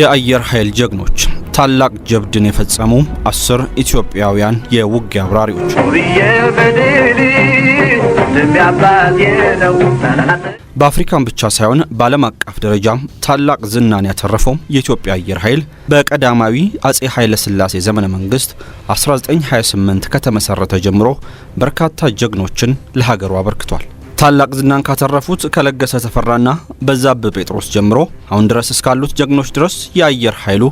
የአየር ኃይል ጀግኖች ታላቅ ጀብድን የፈጸሙ አስር ኢትዮጵያውያን የውጊያ አብራሪዎች። በአፍሪካም ብቻ ሳይሆን በዓለም አቀፍ ደረጃም ታላቅ ዝናን ያተረፈው የኢትዮጵያ አየር ኃይል በቀዳማዊ አጼ ኃይለ ሥላሴ ዘመነ መንግስት 1928 ከተመሰረተ ጀምሮ በርካታ ጀግኖችን ለሀገሩ አበርክቷል። ታላቅ ዝናን ካተረፉት ከለገሰ ተፈራና በዛብህ ጴጥሮስ ጀምሮ አሁን ድረስ እስካሉት ጀግኖች ድረስ የአየር ኃይሉ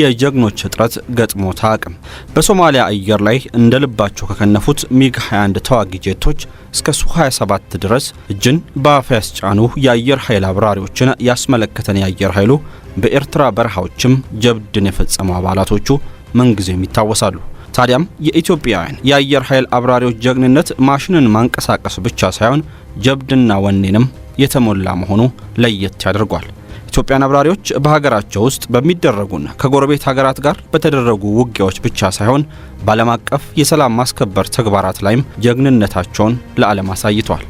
የጀግኖች እጥረት ገጥሞት አቅም በሶማሊያ አየር ላይ እንደ ልባቸው ከከነፉት ሚግ 21 ተዋጊ ጄቶች እስከ ሱ 27 ድረስ እጅን በአፍ ያስጫኑ የአየር ኃይል አብራሪዎችን ያስመለከተን የአየር ኃይሉ በኤርትራ በረሃዎችም ጀብድን የፈጸሙ አባላቶቹ ምንጊዜም ይታወሳሉ። ታዲያም የኢትዮጵያውያን የአየር ኃይል አብራሪዎች ጀግንነት ማሽንን ማንቀሳቀስ ብቻ ሳይሆን ጀብድና ወኔንም የተሞላ መሆኑ ለየት ያደርጓል። ኢትዮጵያን አብራሪዎች በሀገራቸው ውስጥ በሚደረጉና ከጎረቤት ሀገራት ጋር በተደረጉ ውጊያዎች ብቻ ሳይሆን በዓለም አቀፍ የሰላም ማስከበር ተግባራት ላይም ጀግንነታቸውን ለዓለም አሳይተዋል።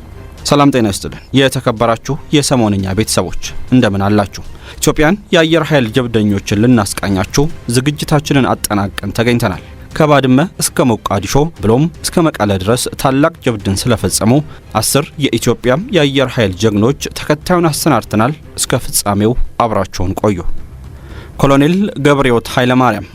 ሰላም ጤና ይስጥልን። የተከበራችሁ የሰሞንኛ ቤተሰቦች እንደምን አላችሁ? ኢትዮጵያን የአየር ኃይል ጀብደኞችን ልናስቃኛችሁ ዝግጅታችንን አጠናቀን ተገኝተናል። ከባድመ እስከ ሞቃዲሾ ብሎም እስከ መቀለ ድረስ ታላቅ ጀብድን ስለፈጸሙ አስር የኢትዮጵያም የአየር ኃይል ጀግኖች ተከታዩን አሰናድተናል። እስከ ፍጻሜው አብራቸውን ቆዩ። ኮሎኔል ገብርዮት ኃይለማርያም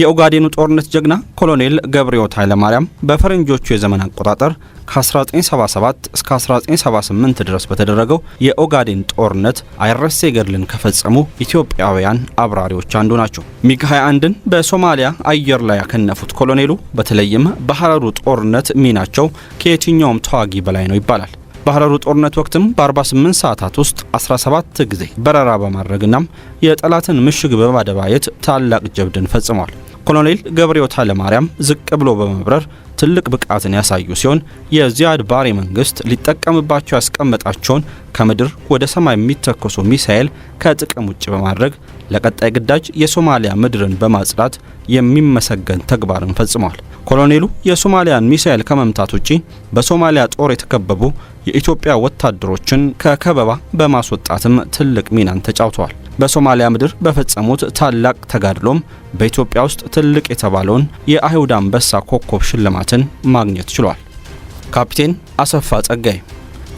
የኦጋዴኑ ጦርነት ጀግና ኮሎኔል ገብርዮት ኃይለማርያም በፈረንጆቹ የዘመን አቆጣጠር ከ1977 እስከ 1978 ድረስ በተደረገው የኦጋዴን ጦርነት አይረሴ ገድልን ከፈጸሙ ኢትዮጵያውያን አብራሪዎች አንዱ ናቸው። ሚግ 21ን በሶማሊያ አየር ላይ ያከነፉት ኮሎኔሉ በተለይም በሐረሩ ጦርነት ሚናቸው ከየትኛውም ተዋጊ በላይ ነው ይባላል። በሐረሩ ጦርነት ወቅትም በ48 ሰዓታት ውስጥ 17 ጊዜ በረራ በማድረግናም የጠላትን ምሽግ በማደባየት ታላቅ ጀብድን ፈጽሟል። ኮሎኔል ገብረሕይወት ኃይለማርያም ዝቅ ብሎ በመብረር ትልቅ ብቃትን ያሳዩ ሲሆን የዚያድ ባሬ መንግስት ሊጠቀምባቸው ያስቀመጣቸውን ከምድር ወደ ሰማይ የሚተኮሱ ሚሳኤል ከጥቅም ውጭ በማድረግ ለቀጣይ ግዳጅ የሶማሊያ ምድርን በማጽዳት የሚመሰገን ተግባርን ፈጽመዋል። ኮሎኔሉ የሶማሊያን ሚሳኤል ከመምታት ውጪ በሶማሊያ ጦር የተከበቡ የኢትዮጵያ ወታደሮችን ከከበባ በማስወጣትም ትልቅ ሚናን ተጫውተዋል። በሶማሊያ ምድር በፈጸሙት ታላቅ ተጋድሎም በኢትዮጵያ ውስጥ ትልቅ የተባለውን የአይሁድ አንበሳ ኮከብ ሽልማትን ማግኘት ችሏል። ካፒቴን አሰፋ ጸጋይ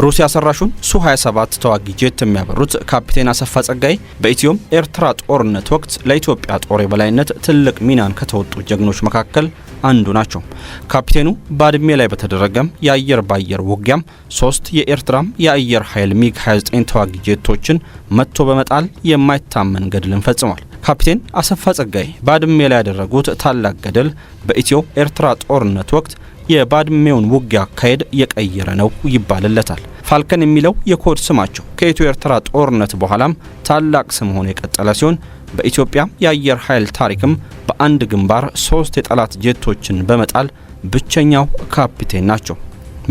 ሩሲያ ሰራሹን ሱ 27 ተዋጊ ጄት የሚያበሩት ካፒቴን አሰፋ ጸጋይ በኢትዮም ኤርትራ ጦርነት ወቅት ለኢትዮጵያ ጦር የበላይነት ትልቅ ሚናን ከተወጡ ጀግኖች መካከል አንዱ ናቸው። ካፒቴኑ በአድሜ ላይ በተደረገም የአየር ባየር ውጊያም ሶስት የኤርትራም የአየር ኃይል ሚግ 29 ተዋጊ ጄቶችን መጥቶ በመጣል የማይታመን ገድልን ፈጽሟል። ካፒቴን አሰፋ ጸጋይ በአድሜ ላይ ያደረጉት ታላቅ ገድል በኢትዮ ኤርትራ ጦርነት ወቅት የባድሜውን ውጊያ አካሄድ የቀየረ ነው ይባልለታል። ፋልከን የሚለው የኮድ ስማቸው ከኢትዮ ኤርትራ ጦርነት በኋላም ታላቅ ስም ሆኖ የቀጠለ ሲሆን በኢትዮጵያ የአየር ኃይል ታሪክም በአንድ ግንባር ሶስት የጠላት ጄቶችን በመጣል ብቸኛው ካፒቴን ናቸው።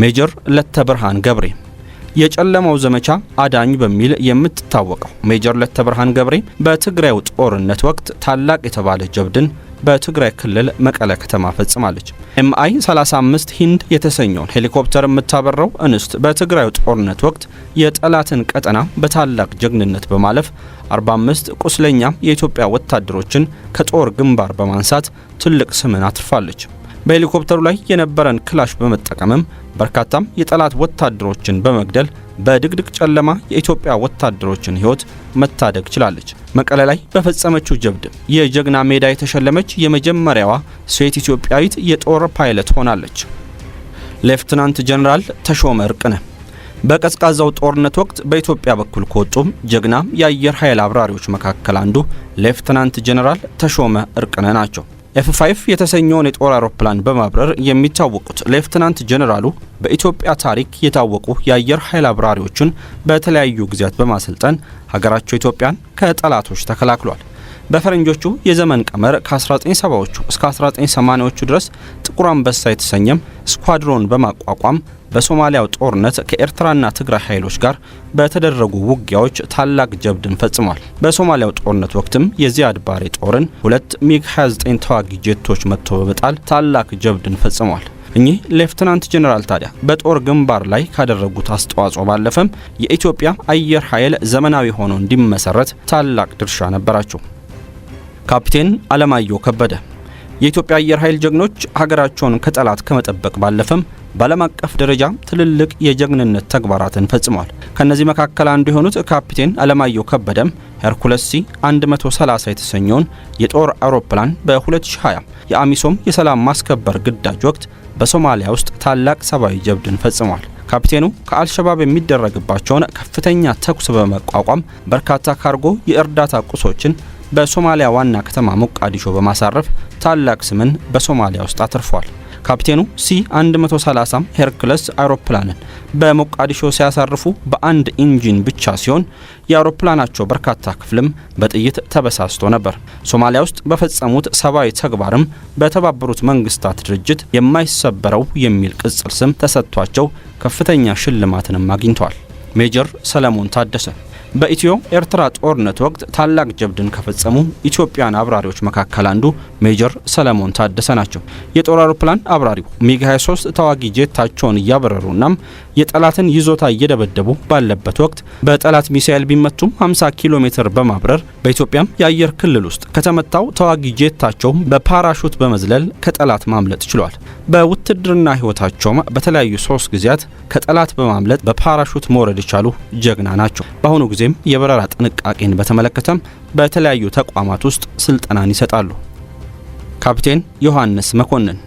ሜጀር ለተብርሃን ገብሬ የጨለማው ዘመቻ አዳኝ በሚል የምትታወቀው ሜጀር ለተብርሃን ገብሬ በትግራዩ ጦርነት ወቅት ታላቅ የተባለ ጀብድን በትግራይ ክልል መቀለ ከተማ ፈጽማለች። ኤምአይ 35 ሂንድ የተሰኘውን ሄሊኮፕተር የምታበረው እንስት በትግራዩ ጦርነት ወቅት የጠላትን ቀጠና በታላቅ ጀግንነት በማለፍ 45 ቁስለኛ የኢትዮጵያ ወታደሮችን ከጦር ግንባር በማንሳት ትልቅ ስምን አትርፋለች። በሄሊኮፕተሩ ላይ የነበረን ክላሽ በመጠቀምም በርካታም የጠላት ወታደሮችን በመግደል በድቅድቅ ጨለማ የኢትዮጵያ ወታደሮችን ሕይወት መታደግ ችላለች። መቀለ ላይ በፈጸመችው ጀብድ የጀግና ሜዳ የተሸለመች የመጀመሪያዋ ሴት ኢትዮጵያዊት የጦር ፓይለት ሆናለች። ሌፍትናንት ጀነራል ተሾመ እርቅነ በቀዝቃዛው ጦርነት ወቅት በኢትዮጵያ በኩል ከወጡም ጀግና የአየር ኃይል አብራሪዎች መካከል አንዱ ሌፍትናንት ጀነራል ተሾመ እርቅነ ናቸው። ኤፍ ፋይቭ የተሰኘውን የጦር አውሮፕላን በማብረር የሚታወቁት ሌፍትናንት ጀኔራሉ በኢትዮጵያ ታሪክ የታወቁ የአየር ኃይል አብራሪዎችን በተለያዩ ጊዜያት በማሰልጠን ሀገራቸው ኢትዮጵያን ከጠላቶች ተከላክሏል። በፈረንጆቹ የዘመን ቀመር ከ1970ዎቹ እስከ 1980ዎቹ ድረስ ጥቁር አንበሳ የተሰኘም ስኳድሮን በማቋቋም በሶማሊያው ጦርነት ከኤርትራና ትግራይ ኃይሎች ጋር በተደረጉ ውጊያዎች ታላቅ ጀብድን ፈጽሟል። በሶማሊያው ጦርነት ወቅትም የዚያድ ባሬ ጦርን ሁለት ሚግ 29 ተዋጊ ጄቶች መጥቶ በመጣል ታላቅ ጀብድን ፈጽሟል። እኚህ ሌፍትናንት ጀኔራል ታዲያ በጦር ግንባር ላይ ካደረጉት አስተዋጽኦ ባለፈም የኢትዮጵያ አየር ኃይል ዘመናዊ ሆኖ እንዲመሰረት ታላቅ ድርሻ ነበራቸው። ካፕቴን አለማየሁ ከበደ የኢትዮጵያ አየር ኃይል ጀግኖች ሀገራቸውን ከጠላት ከመጠበቅ ባለፈም በዓለም አቀፍ ደረጃ ትልልቅ የጀግንነት ተግባራትን ፈጽሟል። ከእነዚህ መካከል አንዱ የሆኑት ካፒቴን አለማየሁ ከበደም ሄርኩለስ ሲ 130 የተሰኘውን የጦር አውሮፕላን በ2020 የአሚሶም የሰላም ማስከበር ግዳጅ ወቅት በሶማሊያ ውስጥ ታላቅ ሰብአዊ ጀብድን ፈጽሟል። ካፒቴኑ ከአልሸባብ የሚደረግባቸውን ከፍተኛ ተኩስ በመቋቋም በርካታ ካርጎ የእርዳታ ቁሶችን በሶማሊያ ዋና ከተማ ሞቃዲሾ በማሳረፍ ታላቅ ስምን በሶማሊያ ውስጥ አትርፏል። ካፕቴኑ ሲ 130 ሄርክለስ አውሮፕላንን በሞቃዲሾ ሲያሳርፉ በአንድ ኢንጂን ብቻ ሲሆን የአውሮፕላናቸው በርካታ ክፍልም በጥይት ተበሳስቶ ነበር። ሶማሊያ ውስጥ በፈጸሙት ሰብአዊ ተግባርም በተባበሩት መንግስታት ድርጅት የማይሰበረው የሚል ቅጽል ስም ተሰጥቷቸው ከፍተኛ ሽልማትንም አግኝተዋል። ሜጀር ሰለሞን ታደሰ በኢትዮ ኤርትራ ጦርነት ወቅት ታላቅ ጀብድን ከፈጸሙ ኢትዮጵያን አብራሪዎች መካከል አንዱ ሜጀር ሰለሞን ታደሰ ናቸው። የጦር አውሮፕላን አብራሪው ሚግ 23 ተዋጊ ጄታቸውን እያበረሩ እያበረሩናም የጠላትን ይዞታ እየደበደቡ ባለበት ወቅት በጠላት ሚሳኤል ቢመቱም 50 ኪሎ ሜትር በማብረር በኢትዮጵያም የአየር ክልል ውስጥ ከተመታው ተዋጊ ጄታቸውም በፓራሹት በመዝለል ከጠላት ማምለጥ ችሏል። በውትድርና ህይወታቸውም በተለያዩ ሶስት ጊዜያት ከጠላት በማምለጥ በፓራሹት መውረድ የቻሉ ጀግና ናቸው። በአሁኑ ጊዜም የበረራ ጥንቃቄን በተመለከተም በተለያዩ ተቋማት ውስጥ ስልጠናን ይሰጣሉ። ካፕቴን ዮሐንስ መኮንን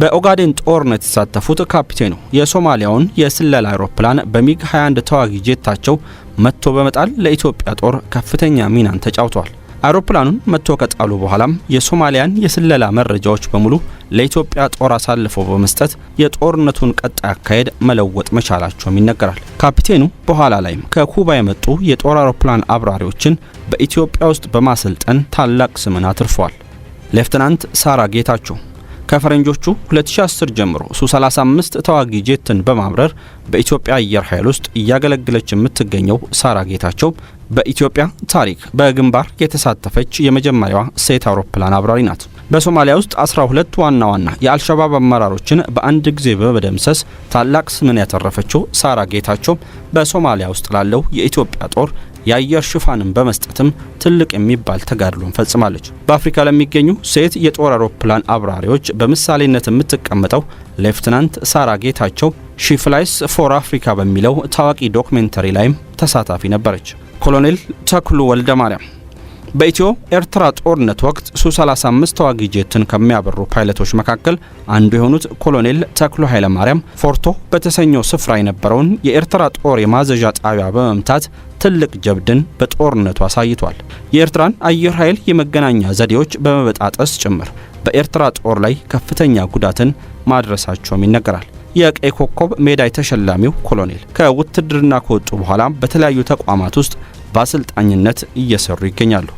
በኦጋዴን ጦርነት የተሳተፉት ካፒቴኑ የሶማሊያውን የስለላ አውሮፕላን በሚግ 21 ተዋጊ ጄታቸው መጥቶ በመጣል ለኢትዮጵያ ጦር ከፍተኛ ሚናን ተጫውተዋል። አውሮፕላኑን መጥቶ ከጣሉ በኋላም የሶማሊያን የስለላ መረጃዎች በሙሉ ለኢትዮጵያ ጦር አሳልፎ በመስጠት የጦርነቱን ቀጣይ አካሄድ መለወጥ መቻላቸውም ይነገራል። ካፒቴኑ በኋላ ላይም ከኩባ የመጡ የጦር አውሮፕላን አብራሪዎችን በኢትዮጵያ ውስጥ በማሰልጠን ታላቅ ስምን አትርፏል። ሌፍትናንት ሳራ ጌታቸው ከፈረንጆቹ 2010 ጀምሮ ሱ35 ተዋጊ ጄትን በማብረር በኢትዮጵያ አየር ኃይል ውስጥ እያገለገለች የምትገኘው ሳራ ጌታቸው በኢትዮጵያ ታሪክ በግንባር የተሳተፈች የመጀመሪያዋ ሴት አውሮፕላን አብራሪ ናት። በሶማሊያ ውስጥ 12 ዋና ዋና የአልሸባብ አመራሮችን በአንድ ጊዜ በመደምሰስ ታላቅ ስምን ያተረፈችው ሳራ ጌታቸው በሶማሊያ ውስጥ ላለው የኢትዮጵያ ጦር የአየር ሽፋንን በመስጠትም ትልቅ የሚባል ተጋድሎን ፈጽማለች። በአፍሪካ ለሚገኙ ሴት የጦር አውሮፕላን አብራሪዎች በምሳሌነት የምትቀመጠው ሌፍትናንት ሳራ ጌታቸው ሺፍላይስ ፍላይስ ፎር አፍሪካ በሚለው ታዋቂ ዶክሜንተሪ ላይም ተሳታፊ ነበረች። ኮሎኔል ተክሉ ወልደ ማርያም በኢትዮ ኤርትራ ጦርነት ወቅት ሱ35 ተዋጊ ጄትን ከሚያበሩ ፓይለቶች መካከል አንዱ የሆኑት ኮሎኔል ተክሎ ኃይለማርያም ፎርቶ በተሰኘው ስፍራ የነበረውን የኤርትራ ጦር የማዘዣ ጣቢያ በመምታት ትልቅ ጀብድን በጦርነቱ አሳይቷል። የኤርትራን አየር ኃይል የመገናኛ ዘዴዎች በመበጣጠስ ጭምር በኤርትራ ጦር ላይ ከፍተኛ ጉዳትን ማድረሳቸውም ይነገራል። የቀይ ኮከብ ሜዳይ ተሸላሚው ኮሎኔል ከውትድርና ከወጡ በኋላ በተለያዩ ተቋማት ውስጥ በአሰልጣኝነት እየሰሩ ይገኛሉ።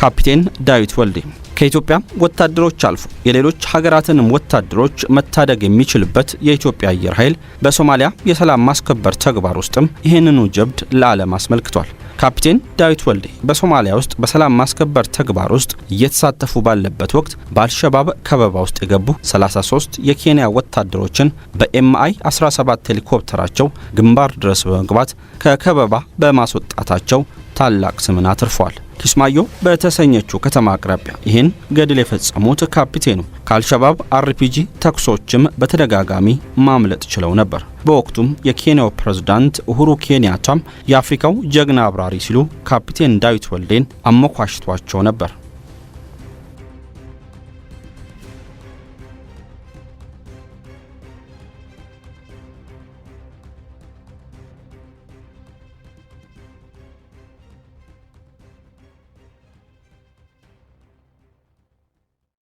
ካፒቴን ዳዊት ወልዴ ከኢትዮጵያ ወታደሮች አልፎ የሌሎች ሀገራትንም ወታደሮች መታደግ የሚችልበት የኢትዮጵያ አየር ኃይል በሶማሊያ የሰላም ማስከበር ተግባር ውስጥም ይህንኑ ጀብድ ለዓለም አስመልክቷል። ካፒቴን ዳዊት ወልዴ በሶማሊያ ውስጥ በሰላም ማስከበር ተግባር ውስጥ እየተሳተፉ ባለበት ወቅት በአልሸባብ ከበባ ውስጥ የገቡ 33 የኬንያ ወታደሮችን በኤምአይ 17 ሄሊኮፕተራቸው ግንባር ድረስ በመግባት ከከበባ በማስወጣታቸው ታላቅ ስምን አትርፏል። ኪስማዮ በተሰኘችው ከተማ አቅራቢያ ይህን ገድል የፈጸሙት ካፒቴኑ ከአልሸባብ አርፒጂ ተኩሶችም በተደጋጋሚ ማምለጥ ችለው ነበር። በወቅቱም የኬንያው ፕሬዝዳንት ኡሁሩ ኬንያታም የአፍሪካው ጀግና አብራሪ ሲሉ ካፒቴን ዳዊት ወልዴን አሞኳሽቷቸው ነበር።